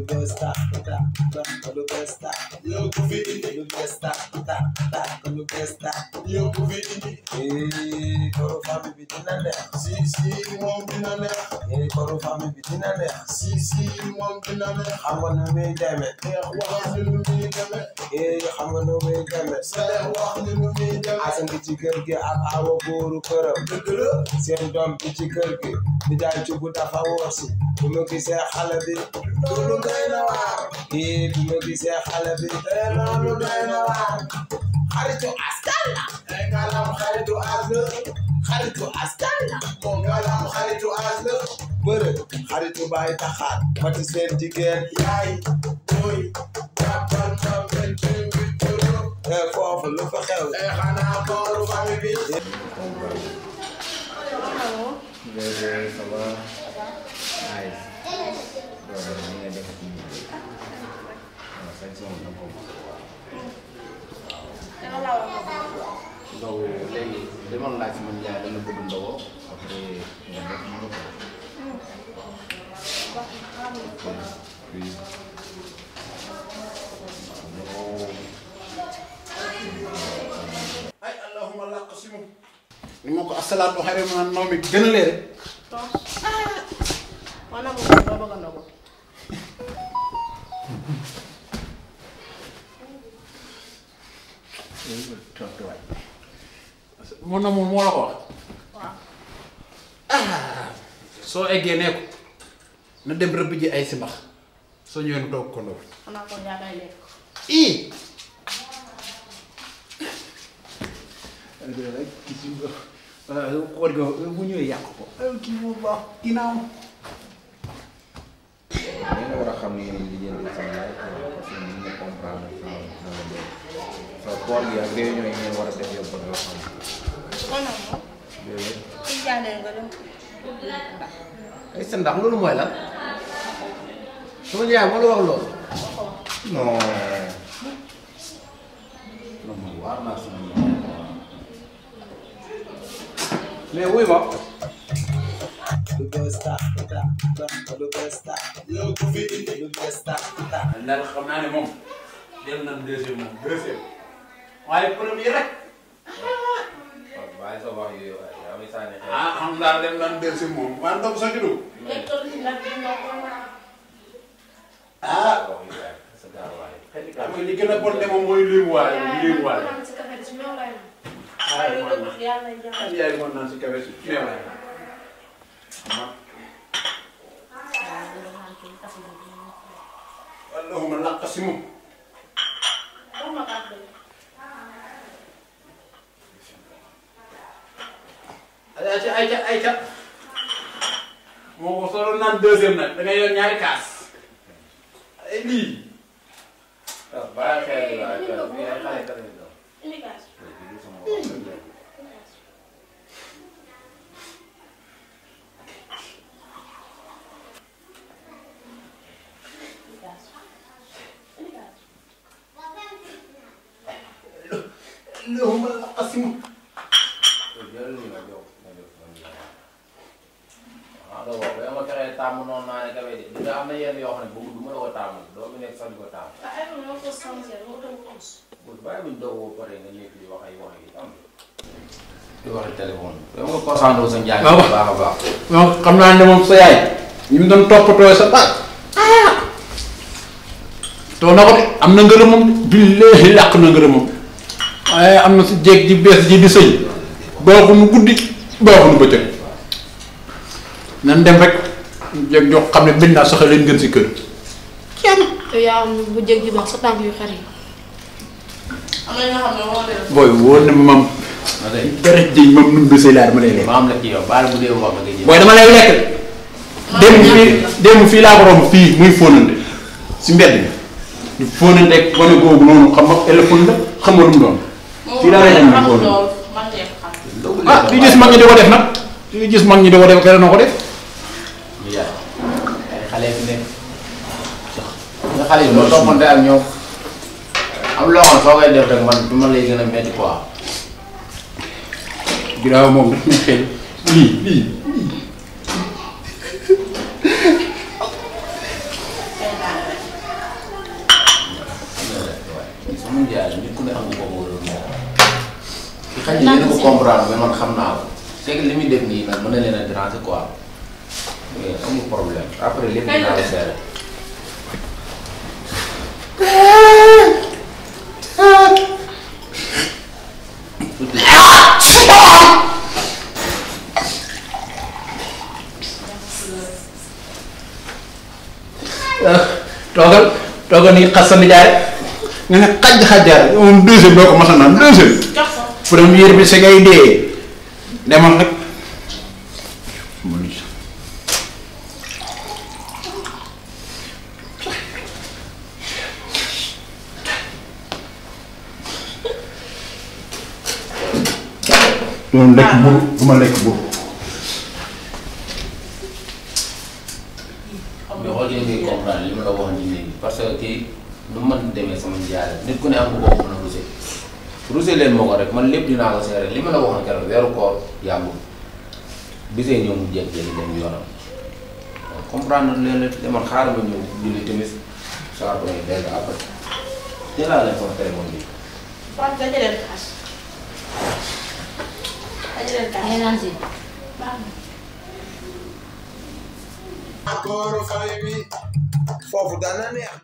lu bees tax lu bees tax lu bees tax. la lu bees la yóbbu fi indi eh bi dina bi dina xam nga nu muy demee neex xam nga nu muy demee seex ci kër gi ak awa góoru këram dëgg doom bi ci kër gi di jaay dafa wóor si bu mu gisee xale bi loolu doy na waar eh bu mu gisee xaritu askan la. ngalam xaritu as la. xaritu askan la. moom ngalam xaritu as la. bërëb xaritu baay taxaar. mati seen jigéen. yaay booy. jàppal ma benn kii bi tudd. Eh, foofu lu fa xew. Eh, xanaa booru famille bi. Bonjour, ça va? Nice. doon laaj sama njaay dana bëgg nga woo nga def ma ko. Puis, ay allahumma laq si moom. ni ma ko asalaatu xayri ma naan noom gën a leer. ma nangu ko doo bëgg a ndogu. Thank moo namul moo la ko wax. soo eggee ne ko na dem rëbb ji ay simbax soo ñëwee nu toog ko ndox. ii. bu ñëwee yàq ko. kii moo baax kii naa am. yéen a war a parce que ñu ngi comprendre sama sama bopp. ak réunion yi ngeen war a def yëpp ba nga xam. ay sa ndax loolu mooy lan sama yaay moo la wax loolu. non. mais wuy ma. lu bees tax lu bees tax. yow ku fi indi lu bees tax. ndax xam naa ne moom jël nañ deuxième moom deuxième waaye premier rek. waaye soo wax yooyu waaye yaa ngi sànni xeer. ah xam nga daal dem naan dellusi moom waaye ndox sa juróom. Eh, ah. xam nga li gën a bon de moom mooy léemu waale léemu waale. ay yaay moom naan si kawe si néew la. allahuma laq si moom. ayca ayca moo ko solo naan deuxième nag da ngay yor ñaari kaas eh, ah, ay lii. waaw bàyyi noonu ma la ko taamu doo mu nekk sax di ko taamu. ah ay a pare nga ay wax wax ak téléphone bi. yow xam naa ne moom sa yaay. ñu ngi doon toppatoo sa baax. Ah! too na ko de am na ngërëm billaahi làq na ngërëm waaye am na si jéeg ji bees ji di sëy. boo ko nu guddi boo ko nu bëccëg. nan dem rek. jéeg joo xam ne mbéj naa sax leen gën si kër. kenn. yow yaa am bu jéeg ji baax sa tànk woo na mu dosee laa dama lay lekk. maam la ci yow baal bu dee wax nga jël. dama lay lekk. démb fii démb fii laa ko fii muy fóonante si mbedd mi. di fóonante ak gone googu noonu xam nga téléphone la xam nga lu mu doon. fii daa lay dem ah, di fóonante. ah li gis mag ñi di ko def nag li gis mag ñi di ko def kenn noo ko def. dëgg yàlla ay xale nekk nga xale yi loolu toppante ak ñoom quoi. Birame moom daf ñu xëy ko wóor ki xaj na ko comprendre mais man xam naa ko. c'est que li muy def nii nag mën na leen a déranger quoi. amul problème après lépp dinaa la ni xas nga ne xaj xajaar moom deuxième doo ko mas a premier bi sa ngay dee demal rek. doon lekk mburu du ma lekk mburu. xam nga xool ngay comprendre li ma la wax nii léegi parce que kii nu man demee sama njaare nit ku ne am nga ko mën a rusé rusé leen moo ko rek man lépp dinaa ko seere li ma la waxoon keroog weeru koor yàggul bisee ñëw mu jékki-jékki dem yoonam comprendre leen rek demoon xaaral ma ñëw julli tamit saa ko lay dégg après jëlaat leen sama téléphone bi. foofu daan na neex